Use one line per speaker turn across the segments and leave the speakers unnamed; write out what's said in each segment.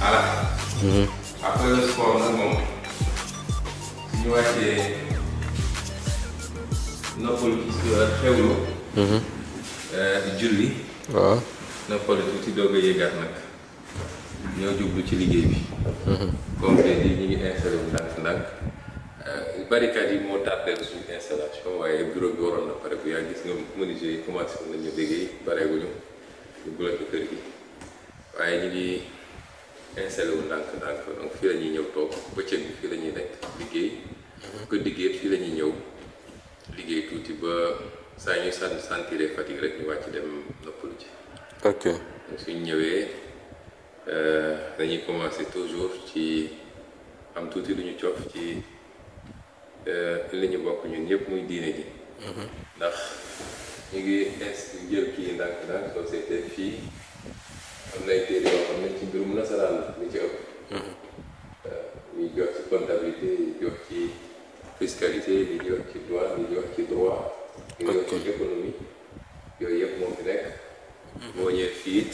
à la fin.
après le sport nag moom su ñu wàccee noppalu xewlu. Mhm. Euh, julli. waaw noppalu tuuti doog yëgaat nag ñoo jublu ci liggéey bi. Mhm. comme tey jii ñu ngi installé wu ndànk-ndànk euh, barricade yi moo tardeel suñu installation waaye bureau bi waroon na pare bu yaa gis nga menuisier yi commencé nañu liggéey pareeguñu ñu bloqué kër gi waaye ñu ngi. installé wu ndànk ndànk donc fii la ñuy ñëw toog bëccëg bi fii la ñuy nekk liggéey mhm. ko liggéey fii lañuy ñëw liggéey tuuti ba saa ñuy sant sentir fatigue rek ñu wàcc dem noppalu ci
ok suñ ñëwee
euh, dañuy commencer toujours ci am tuuti lu ñu coof ci euh, li ñu bokk ñun ñëpp muy diine ji mhm. ndax ñu ngi es jël kii ndànk ndànk société fii am na ay téere yoo xam ne ci mbirum nasaraan la li ci ëpp. ñuy mm-hmm. jox ci comptabilité ñuy jox ci fiscalité ñuy jox ci droit. ok jox ci économie yooyu yëpp moo fi nekk. Mm-hmm. boo ñëwee fii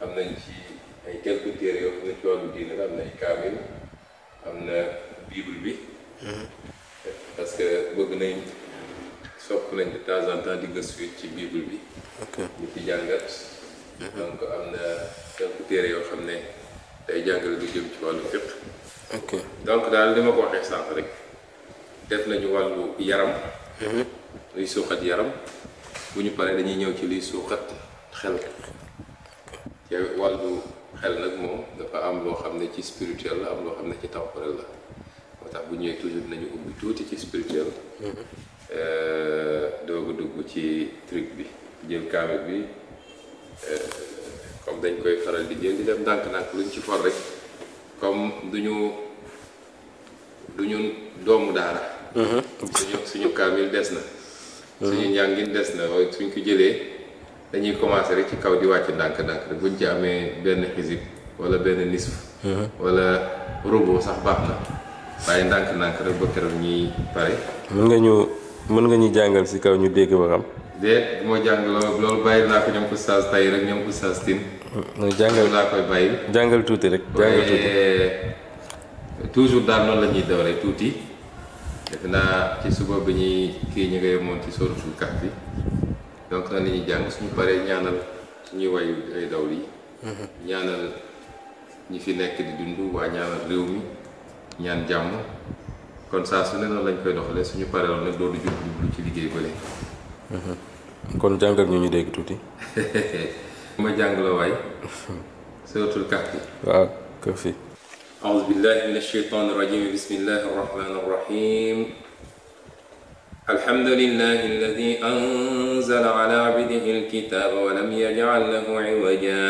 am nañ ci ay quelques téere yoo xam ne ci wàllu diine la am na ay am na bible bi. Mm-hmm. parce que bëgg nañ sopp nañ de temps en temps ci bible bi. ok ñu jàngat. Mm-hmm. donc am na donc téere yoo xam ne day jàngale lu jëm ci wàllu fiq ok donc daal li ma ko waxee sànq rek def nañu wàllu yaram mm-hmm. luy suuxat yaram bu ñu paree dañuy ñëw ci luy suuxat xel ci wàllu xel nag moom dafa am loo xam ne ci spirituel la am loo xam ne ci temporel la moo tax bu ñëwee toujours nañu ubbi tuuti ci spirituel mm-hmm. euh, dooga dugg ci truc bi jël kaamil bi Euh, comme dañ koy faral di jël di def ndànk-ndànk luñ ci for rek comme duñu duñu doomu daara. Mhm. suñu suñu kaamil des na. Mhm. suñu njàngin des na waaye suñ ko jëlee dañuy commencé rek ci kaw di wàcc ndànk-ndànk rek buñ ci amee benn xisib wala benn nisf. Mhm. walla robo sax baax na waaye ndànk-ndànk rek ba keroog ñuy pare. mën nga ñu mën nga ñu jàngal si kaw ñu dégg ba xam. déet bu jàng loolu loolu bàyyi naa ko ñoom ko saas tay rek ñoom ko saas tin jàngal laa koy bàyyi jàngal tuuti rek jàngal tuuti toujours daal noonu la ñuy dawale tuuti defe naa ci suba bi ñuy kii ñu nga yemoon ci sóoratul Kahf bi donc na ni ñuy jàng suñu paree ñaanal suñuy way ay daw yi ñaanal ñi fi nekk di dund waa ñaanal réew mi ñaan jàmm kon saa su ne noonu lañ koy doxalee suñu paree loolu nag loolu jublu ci liggéey bële kon jàngal ñu ñu dégg tuuti. ma jàng la waay. suratul kahfi.
waaw kahfi.
أعوذ بالله من الشيطان الرجيم بسم الله الرحمن الرحيم الحمد لله الذي أنزل على عبده الكتاب ولم يجعل له عوجا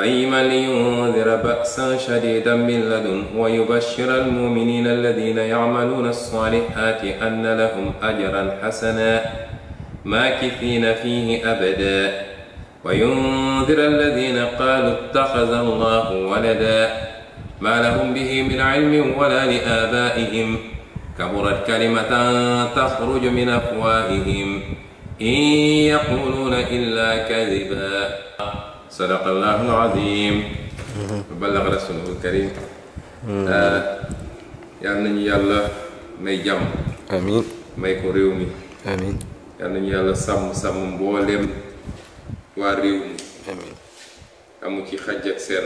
قيما لينذر بأسا شديدا من لدنه ويبشر المؤمنين الذين يعملون الصالحات أن لهم أجرا حسنا ماكثين فيه أبدا وينذر الذين قالوا اتخذ الله ولدا ما لهم به من علم ولا لآبائهم كبرت كلمة تخرج من أفواههم إن يقولون إلا كذبا صدق الله العظيم وبلغ رسوله الكريم yàlla nañu yàlla may jàmm amiin may ko réew mi amiin yal nañu yàlla sàmm sàmm mbooleem waa réew mi amiin ci xaj ak seen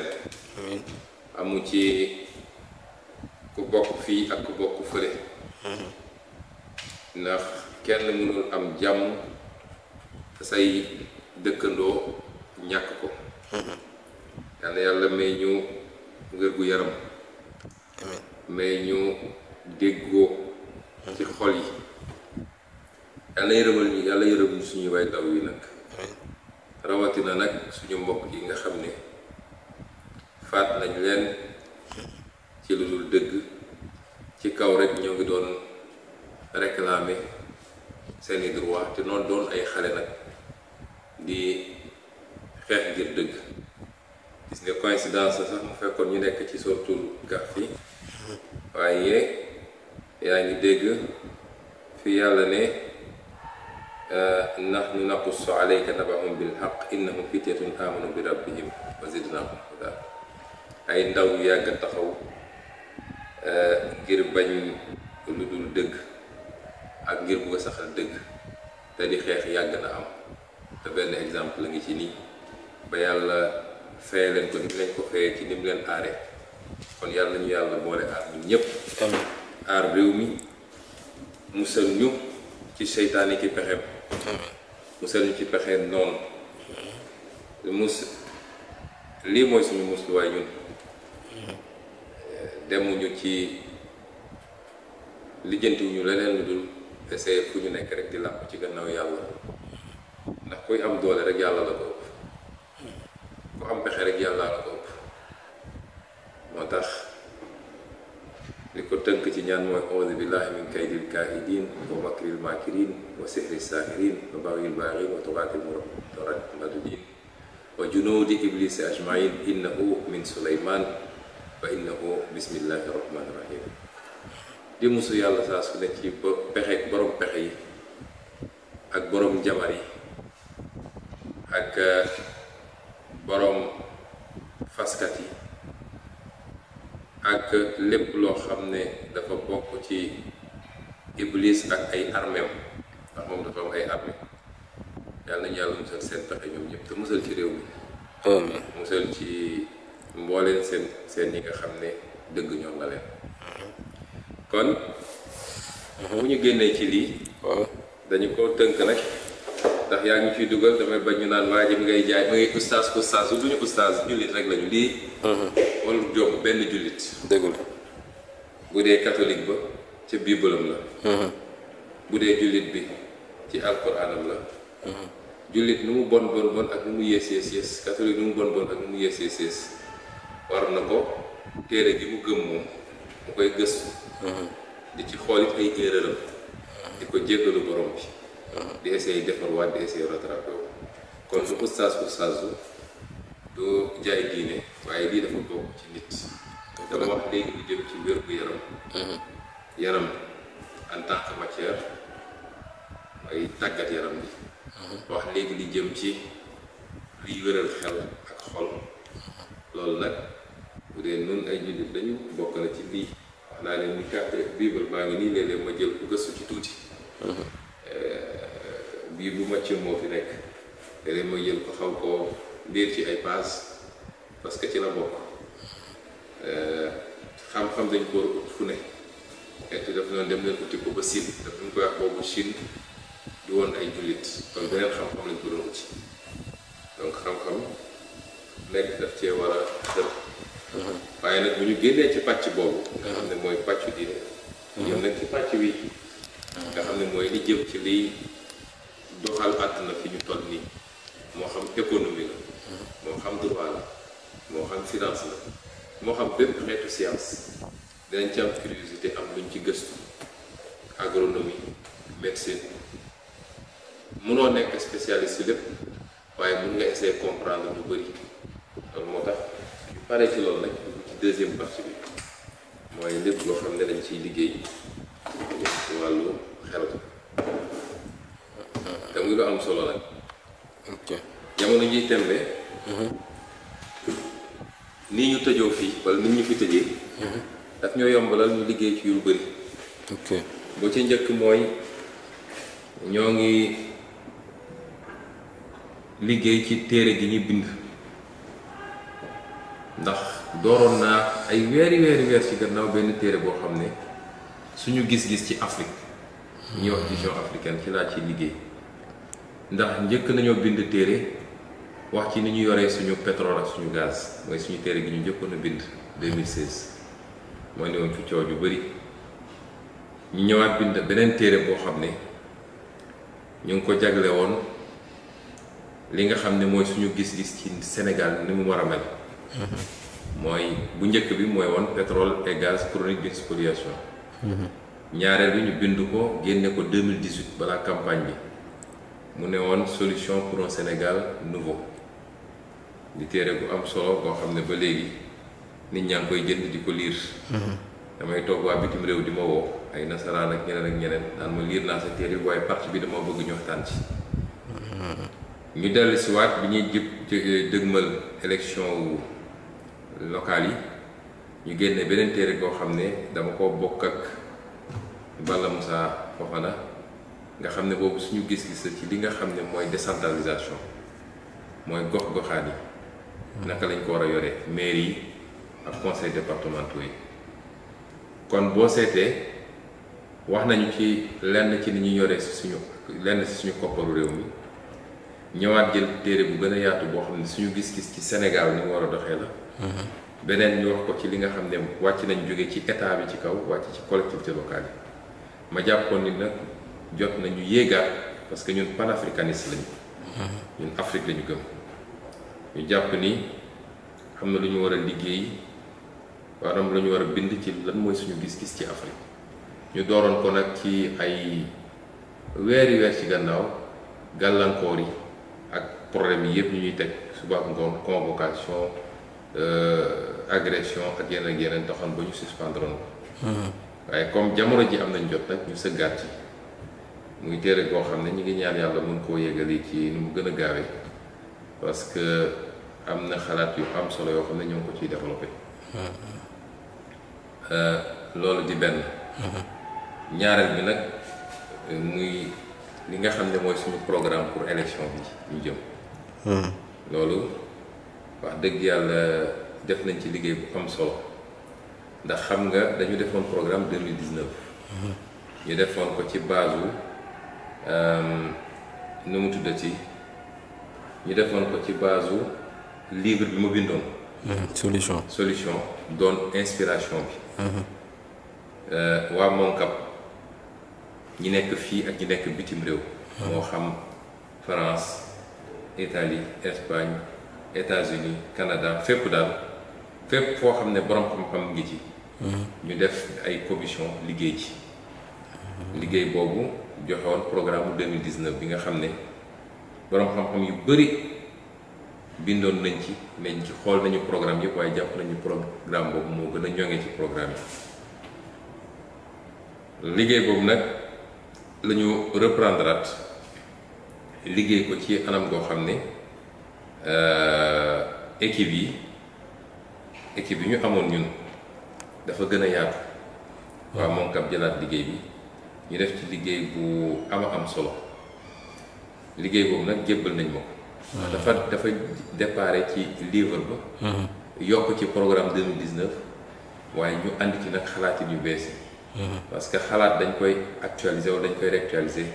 amiin ci ku bokk fii ak ku bokk fële ndax kenn mënul am jàmm say dëkkandoo ñàkk ko yal na yàlla may ñu wér gu yaram may ñu déggoo ci xol yi yàlla yërëmal ñu yàlla yërëm ñu suñuy way daw yi nag rawatina nag suñu mbokk yi nga xam ne faat nañ leen ci lu dul dëgg ci kaw rek ñoo ngi doon réclamer seeni droit te noonu doon ay xale nag di xeex ngir dëgg gis ne coïncidence sax mu fekkoon ñu nekk ci sortul gaf yi waaye yaa ngi dégg fi yàlla ne Eh, nahnu naqussu alayka nabahum bilhaq innahum fityatun amanu bi rabbihim wa zidnahum huda ay ndaw yu yàgg a taxaw eh, ngir bañ lu dul dëgg ak ngir bugg saxal dëgg te di xeex yàgg na am te benn exemple la ngi ci nii ba yàlla feye leen ko ni mu leen ko feye ci ni leen aare kon yàlla nañu yàlla boole aar ñun ñépp aar réew mi musal ñu ci seytaane ki pexem musal ñu ci pexee noonu mus lii mooy suñu musluwaay ñun demuñu ci lijjantiwuñu leneen lu dul essayer fu ñu nekk rek di làpp ci gannaaw yàlla ndax kuy am doole rek yàlla la ko ëpp ku am pexe rek yàlla la ko ëpp moo tax ñaan mooy audu billahi min kaydil kaahidin wa makril makirin wa sihri saahirin wa baghil baaghin wa tughaatil mardudin wa junuudi iblisi ajmain innahu min suleyman wa innahu bismillahi rahmani rahim di musu yàlla saa su ne ci pexe borom pexe yi ak borom jabar yi ak eh, borom faskat yi ak lépp loo xam ne ci iblis ak ay armeem ndax moom dafa am ay armé yàlla nañu yàlla musal seen pexe ñoom ñëpp te musal ci réew mi amiin musal ci mbooleen seen seen yi nga xam ne dëgg ñoom nga leen kon bu ñu génnee ci lii dañu ko tënk nag ndax yaa ngi ciy dugal damay bañ ñu naan waa ji ngay jaay mi ngay ustaas ustaas su duñu ustaas jullit rek lañu lii warul jomb benn jullit dëgg la bu dee catholique ba ca biibalam la uh-huh. bu dee jullit bi ci alquraanam la uh-huh. jullit nu mu bon bon bon ak nu mu yées yées yées catholique nu mu bon bon ak nu mu yées yées yées war na ko téere gi mu gëm moom mu koy gëstu uh-huh. di ci xoolit ay erreuram di ko jéggalu borom bi di essayer defar waat di essayer rattrapé wu kon su ustaas ustaasu du jaay diine waaye lii dafa bokk ci nit dama wax léegi lu jëm ci wér gu yaram yaram en tant matière ay tàggat yaram bi mhm. wax léegi li jëm ci liy wéral xel ak xol loolu nag bu dee noonu ay jullit dañu bokk na ci lii naa leen ni carte bible baa ngi nii léeg-léeg ma jël ku gëstu ci tuuti mhm. euh, bii bu màcc moo fi nekk léeg-léeg ma jël ko xaw koo liir ci ay paas parce que ci la bokk euh, xam-xam dañ ko ut fu ne te daf noonu dem leen uti ko ba Siin daf ñu koy wax boobu Siin di woon ay jullit kon beneen xam-xam lañ ko doon uti donc xam-xam nekk daf cee war a dër waaye nag bu ñu génnee ci pàcc boobu nga xam ne mooy pàccu diine ci pàcc wi nga xam ne mooy li jëm liy doxal àdduna fi ñu toll nii moo xam économie la moo xam droit la moo xam finance la moo xam bépp xeetu science danañ ci am curiosité am luñ ci gëstu agronomie médecine mënoo nekk spécialiste lépp waaye mën nga essayer comprendre lu bëri loolu moo tax ñu pare ci loolu nag dugg ci deuxième partie bi mooy lépp loo xam ne dañ ciy liggéey ci wàllu xel te muy lu am solo nag jamono jiy tembe mhm. nii ñu tëjoo fii wala nit ñu fi tëjee mhm. daf ñoo yombalal ñu liggéey ci yu bëri. ok bu ci njëkk mooy ñoo ngi liggéey ci téere gi ñu bind ndax dooroon naa ay weeri weeri weer ci gannaaw benn téere boo xam ne suñu gis-gis ci Afrique ñuy wax vision africaine ci laa ci liggéey ndax njëkk nañoo bind téere wax ci ni ñu yoree suñu pétrole suñu gaz mooy suñu téere gi ñu njëkkoon a bind 2016 moo ne woon fi coow ju bëri ñu ñëwaat bind beneen téere boo xam ne ñu ngi ko jagle woon li nga xam ne mooy suñu gis-gis ci Sénégal ni mu war a mel
mm-hmm.
mooy bu njëkk bi mooy won pétrole et gaz chronique d'une spoliation mm-hmm. ñaareel bi ñu bind ko génne ko balaa campagne bi mu ne woon solution pour un Sénégal nouveau di téere bu am solo boo xam ne ba léegi nit ñaa ngi koy jënd di ko liir. Mhm. damay toog waa bitim réew di ma woo ay nasaraan ak ñeneen ak ñeneen naan ma liir naa sa téere bi waaye partie bi dama bëgg ñu waxtaan ci. Mhm. ñu dellu si waat bi ñuy jëb dëgmal élection wu locale yi ñu génne beneen téere boo xam ne dama ko bokk ak Balla Moussa Fofana nga xam ne boobu suñu gis-gis la ci li nga xam ne mooy décentralisation mooy gox goxaan yi. Mhm. naka lañ ko war a yore mairie ak conseil départementaux yi kon boo seetee wax nañu ci lenn ci ni ñu yore si suñu lenn si suñu koppalu réew mi ñëwaat jël téere bu gën a yaatu boo xam ne suñu gis-gis ci Sénégal ni mu war a doxee la mm-hmm. beneen ñu wax ko ci li nga xam ne wàcc nañ jóge ci état bi ci kaw wàcc ci collectivité locale yi ma jàppoon ni nag jot nañu yéegaat parce que ñun panafricaniste lañu mm-hmm. ñun Afrique lañu gëm ñu jàpp ni xam na lu ñu war a liggéey maanaam la ñu war a bind ci lan mooy suñu gis-gis ci Afrique ñu dooroon ko nag ci ay weeri weer ci gannaaw gàllankoor yi ak problème yi yëpp ñu ñuy teg suba ngoon convocation euh, agression ak yeneen ak yeneen taxoon ba ñu suspendre ko mhm. waaye comme jamono ji am nañ jot nag ñu sëggaat ci muy téere koo xam ne ñu ngi ñaan yàlla mën koo yëgali ci ni mu gën a gaawee parce que am na xalaat yu am solo yoo xam ne ñoo ngi ko ciy développé mhm. Euh, loolu di benn mhm. ñaareel bi nag euh, muy li nga xam ne mooy suñu programme pour élection bi ñu jëm mhm. loolu wax dëgg yàlla def nañ ci liggéey bu am solo ndax xam nga dañu defoon programme 2019 mhm. ñu defoon ko ci base euh, nu mu tuddati ñu defoon ko ci base livre bi mu bindoon Euh, solution solution doon inspiration bi uh-huh. euh, waa Moncap ñi nekk fii ak ñi nekk bitim réew uh-huh. moo xam France Italie Espagne États-Unis Canada fépp daal fépp foo xam ne borom xam-xam ngi ci uh-huh. ñu def ay commission liggéey ci liggéey boobu joxewoon programme 2019 bi nga xam ne borom xam-xam yu bëri bindoon nañ ci nañ ci xool nañu programme yëpp waaye jàpp nañu programme boobu moo gën a ñoŋee ci programme yi liggéey boobu nag la ñu reprendre at liggéey ko ci anam goo xam ne euh, équipe yi équipe yi ñu amoon ñun dafa gën a yaatu waaw moom kam jëlaat liggéey bi ñu def ci liggéey bu ama am solo liggéey boobu nag jébbal nañ ma ko dafa dafa ci livre ba uh-huh. yokk ci programme 2019 waaye ñu ànd ci nag xalaat yu bees yi uh-huh. parce que xalaat dañ koy actualiser wala dañ koy réactualiser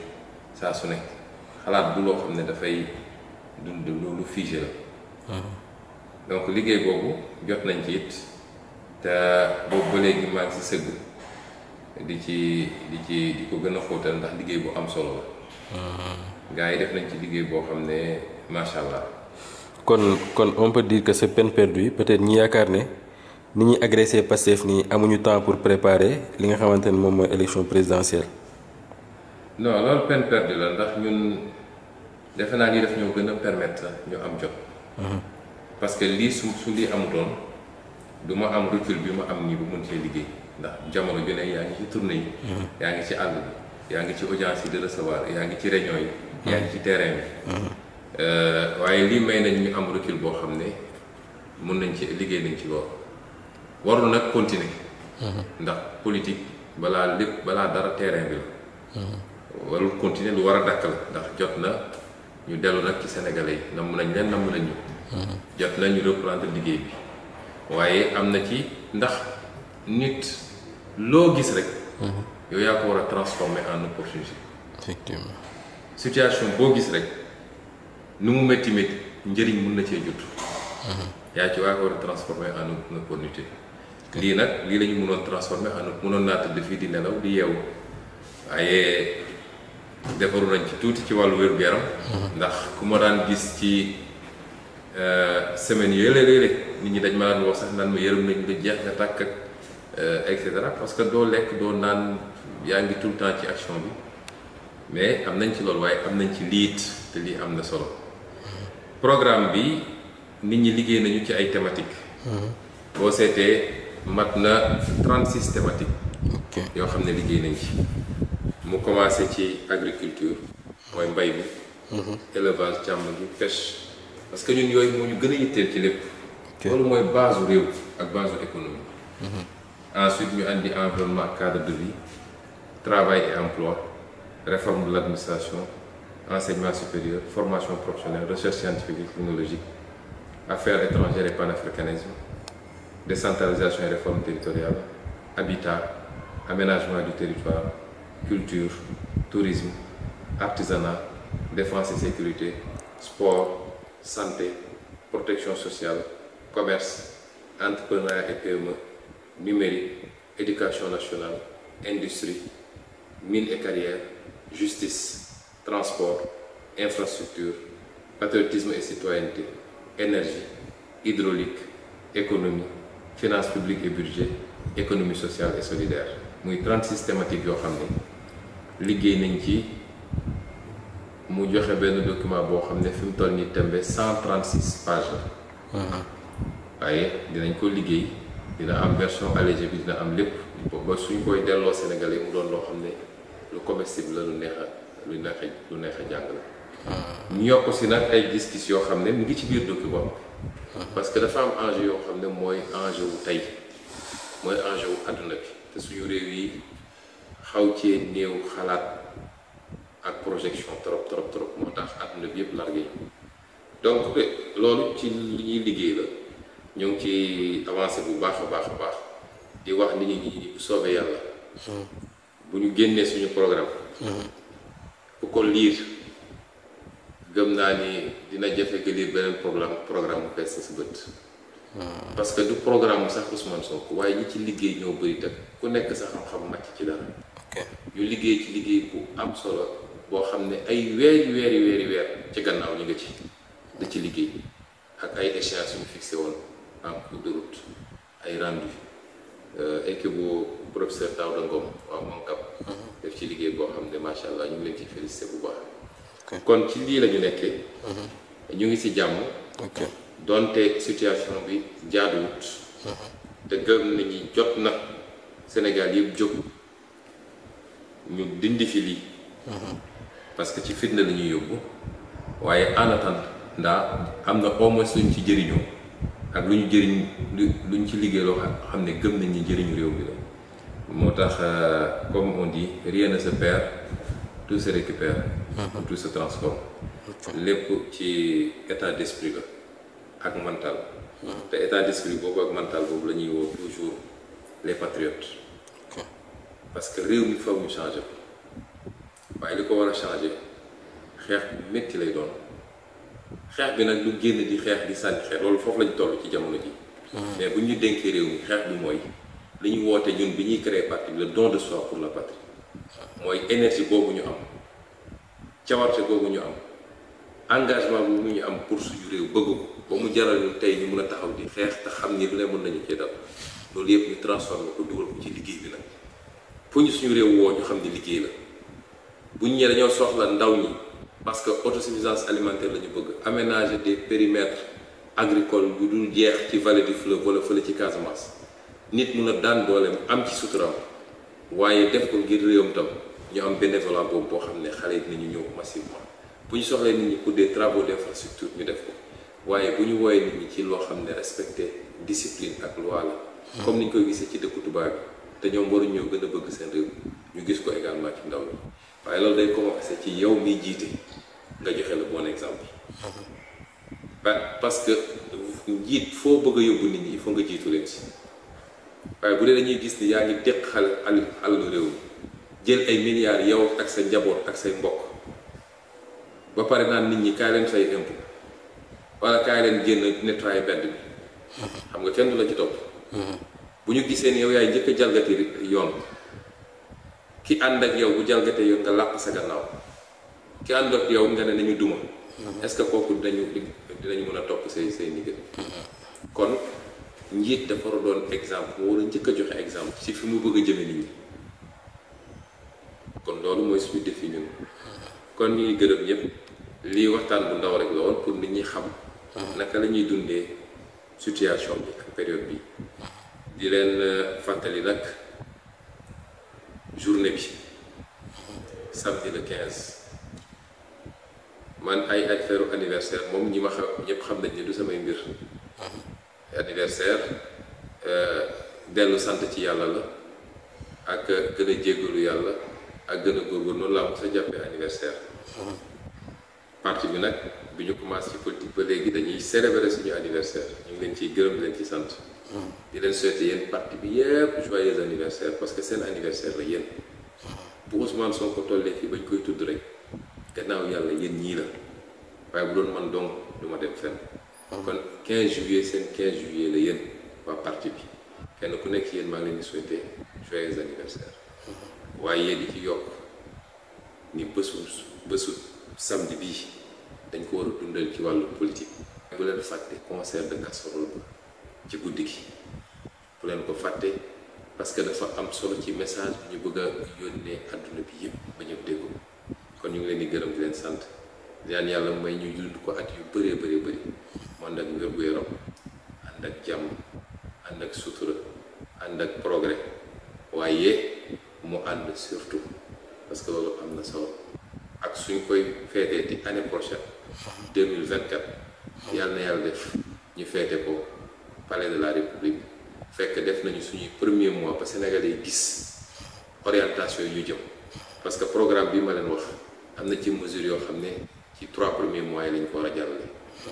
saa su nekk xalaat bu loo xam ne dafay dund loolu figé la uh-huh. donc liggéey boobu jot nañ ci it te boobu ba léegi maa ngi si sëgg di ci di ci di ko gën a xóotal ndax liggéey bu am solo la gaa yi def nañ ci liggéey boo xam ne macha allah. kon kon on peut dire que c'est peine perdue peut-être ñi yaakaar ne ni ñuy agressé Pastef nii amuñu temps pour préparer li nga xamante ne moom mooy élection présidentielle. non loolu peine perdue la ndax ñun defe naa lii daf ñoo gën a permettre ñu am jot. Mhm. parce que lii su su lii amutoon du ma am recul bi ma am nii bu mën cee liggéey ndax jamono ju ne yaa ngi ci tournée yi. Mhm. yaa ngi ci àll bi yaa ngi ci audience yi de recevoir yaa ngi ci réunion yi. Mhm. yaa ngi ci terrain Euh, waaye lii may nañ ñu am recul boo xam ne mun nañ ci liggéey nañ ci lool warul nag continuer mhm. ndax politique balaa lépp balaa dara terrain bi la mhm. warul continuer lu war a dakk la ndax jot na ñu dellu nag ci sénégalais yi namm nañ leen namm nañ ñu mhm. jot na ñu reprendre liggéey bi waaye am na ci ndax nit loo gis rek yow yaa ko war a transformer en opportunité effectivement situation boo gis rek nu mu métti métti njëriñ mun na cee jot. Mhm. yaa ci waa ko war a transformé en une opportunité. lii nag lii la ñu mënoon transformé en mënoon naa tëdd fii di nelaw di yeewu waaye defaru nañ ci tuuti ci wàllu wér gu yaram mhm. ndax ku ma daan gis ci euh, semaine lée yële nit ñi dañ ma daan wax sax naan ma yërëm nañ lu jeex nga tàkk ak euh, et cetera parce que doo lekk doo naan yaa ngi tout temps ci action bi mais am nañ ci loolu waaye am nañ ci liit te lii am na solo. programme bi nit ñi liggéey nañu ci ay thématiques. Hmm. boo seetee mat na 36 thématiques. yoo xam ne liggéey nañ ci mu commencé ci agriculture mooy mbay mi. Hmm. élevage càmm gi pêche parce que ñun yooyu moo ñu gën a yitteel ci lépp. loolu mooy base réew ak base économie. Hmm. ensuite ñu andi environnement cadre de vie travail et emploi réforme de l' enseignement supérieur, formation professionnelle, recherche scientifique et technologique, affaires étrangères et panafricanisme, décentralisation et réforme territoriale, habitat, aménagement du territoire, culture, tourisme, artisanat, défense et sécurité, sport, santé, protection sociale, commerce, entrepreneuriat et PME, numérique, éducation nationale, industrie, mines et carrières, justice, transport infrastructure patriotisme et citoyenneté énergie hydraulique économie finance publique et budget économie sociale et solidaire muy 36 thématiques yoo xam ne liggéey nañ ci mu joxe benn document boo xam ne fi mu toll nii tembe cent 136 pages la waaye dinañ ko liggéey dina am version allégée bi dina am lépp ba suñ koy delloo sénégalais mu doon loo xam ne lu comestible la lu neex lu neex a lu neex a jàng la ah. ñu yokk si nag ay gis yoo xam ne mu ngi ci biir document ah. parce que dafa am enjeu yoo xam ne mooy enjeu wu tey mooy enjeu wu àdduna bi te suñu réew yi xaw ci néew xalaat ak projection trop trop trop moo tax àdduna bi yëpp largué donc eh, loolu ci li ñuy liggéey la ñu ngi ci avancé bu baax a baax a baax di wax nit ñi bu soobee yàlla ah. bu ñu génnee suñu programme ku ko liir gëm naa ni dina jafe nga beneen programme programme bu fees sa bët ah. parce que du programme sax Ousmane Sonko waaye ñi ci liggéey ñoo bëri te ku nekk sa xam-xam màcc ci dara ñu liggéey ci liggéey bu am solo boo xam ne ay weeri weeri weeri weer ci gannaaw ñu nga ci da ci liggéey ak ay échéances yu fixé woon en cours de ay rendez Euh, équipe bu professeur Daouda Ngom waaw Mankab mhm. def ci liggéey boo xam ne macha allah ñu ngi leen ciy bu baax. kon ci lii lañu ñu nekkee. Mhm. ñu ngi si jàmm. donte situation bi jaaduwut. Mhm. te gëm nañu jot na Sénégal yëpp jóg ñu dindi fi lii. parce que ci fitna la ñuy yóbbu waaye en attendant am na au moins suñ ci jëriñoo. ak lu ñu jëriñ lu ñu ci liggéey loo xam ne gëm nañ ni jëriñu réew mi la moo tax euh, comme on dit rien ne se perd tout se récupère mhm. tout se transforme lépp ci état d'esprit la ak mental mhm. te état d'esprit boobu ak mantal boobu la ñuy woo toujours les patriotes parce que réew mi faw ñu changé ko waaye li ko war a changé xeex bu lay doon xeex bi nag du génn di xeex di sànni xeex loolu foofu lañu toll ci jamono ji. Hmm. mais bu ñu dénkee réew mi xeex bi mooy li ñu woote ñun bi ñuy créer parti bi le don de soi pour la patrie mooy énergie boobu ñu am cawarte boobu ñu am engagement boobu ñu am pour suñu réew bëgg ba mu jaral ñu tey ñu mun a taxaw di xeex te xam ni lu ne mën nañu cee dal loolu yëpp ñu transformé ko dugal ko ci liggéey bi nag pour ñu suñu réew woo ñu xam ni liggéey la buñ ñee dañoo soxla ndaw ñi. parce que autosuffisance alimentaire la ñu bëgg aménager des périmètres agricole bu dul jeex ci vallée du fleuve wala fële ci Casamance nit mun a daan dooleem am ci suturaam waaye def ko ngir réewam tam ñu am bénévolat boobu boo xam ne xale yi dinañu ñëw massivement bu ñu soxlee nit ñi pour des travaux d'infrastructure ñu def ko waaye bu ñu wooyee nit ñi ci loo xam ne respecté discipline ak loi comme ni ñu koy gisee ci dëkku tubaab bi te ñoom waruñu ñoo gën a bëgg seen ñu gis ko également ci ndaw la waaye loolu day commencé ci yow miy jiite nga joxe la bon exemple mhm. parce que jiit foo bëgg a yóbbu nit ñi foo nga jiitu leen si waaye bu dee dañuy gis ni yaa ngi dëkk xale alalu réew mi jël ay milliards yow ak sa njaboot ak say mbokk ba pare naa nit ñi kaay leen say impôt wala kaay leen génn nettoyé mbedd bi mhm. xam nga kenn du la ci topp mhm. bu ñu gisee ni yow yaay njëkk a jalgati yoon ki ànd ak yow bu jalgatee yoon nga làq sa gannaaw ki ànd ak yow nga ne nañu duma mhm. est-ce que kooku dañu dinañu mën a topp say say ndigal mhm. kon njiit dafa war a doon exemple wala njëkk a joxe exemple si fi mu bëgg a nit ñi kon loolu mooy suñu défi ñun mhm. kon ñu ngi gërëm ñëpp lii waxtaan bu ndaw rek la woon pour nit ñi xam naka la ñuy dundee situation bi ak période bi di leen euh, fàttali nag journée bi samedi le 15 man ay affaire anniversaire moom ñi ma xam ñëpp xam nañ ne du samay mbir uh-huh. anniversaire euh, dellu sant ci yàlla la ak gën jéggalu yàlla ak gën a góorgóor noonu laa ko sa jàppee anniversaire uh-huh. parti bi nag bi ñu commencé ci politique ba léegi dañuy célébrer suñu anniversaire ñu ngi leen ciy gërëm leen ci sant di leen souhaiter yéen parti bi yépp joyeux anniversaire parce que seen anniversaire la yéen bu Ousmane ko tollee fii bañ koy tudd rek gannaaw yàlla yéen ñii la waaye bu doon man donc du ma dem fenn kon 15 juillet seen 15 juillet la yéen waa parti bi kenn ku nekk yéen maa ngi leen di souhaiter joyeux anniversaire waaye di ci yokk ni bésu bésu samedi bii dañ ko war a dundal ci wàllu politique bu leen fàtte concert de casserole ci guddi gi bu leen ko fàtte parce que dafa am solo ci message bi ñu bëgg yónnee àdduna bi yëpp ba ñëpp dégg kon ñu ngi leen di gërëm di leen sant di yàlla may ñu dund ko at yu bëree bëri bëri mu ànd ak wér-gu-yaram ànd ak jàmm ànd ak sutura ànd ak progrès waaye mu ànd surtout parce que loolu am na solo ak suñ koy feetee di année prochaine 2024 yàlla na yàlla def ñu feete ko. palais de la république fekk def nañu suñuy premier mois ba Sénégalais yi gis orientation yu jëm parce que programme bi ma leen wax am na ci mesure yoo xam ne ci trois premiers mois yi lañ ko war a jàllale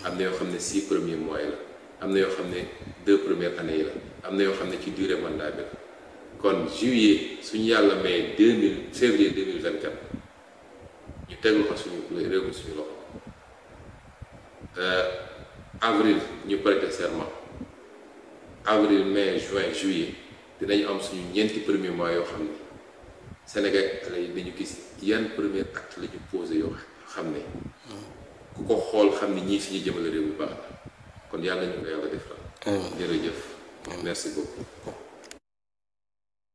am na yoo xam ne six premiers mois yi la am na yoo xam ne deux premières années yi la am na yoo xam ne ci durée mandat bi la kon juillet suñu yàlla may deux mille février deux mille vingt quatre ñu teg loxo suñu réew mi suñu loxo euh, avril ñu prêter avril mais juin juillet dinañu am suñu ñeenti premier mois yoo xam ne Sénégalais yi dañu gis yan premier acte la ñu posé yoo xam ne ku ko xool xam ne ñii
fi ñu jëmale réew baax na kon yàlla ñu ko yàlla defal jërëjëf merci beaucoup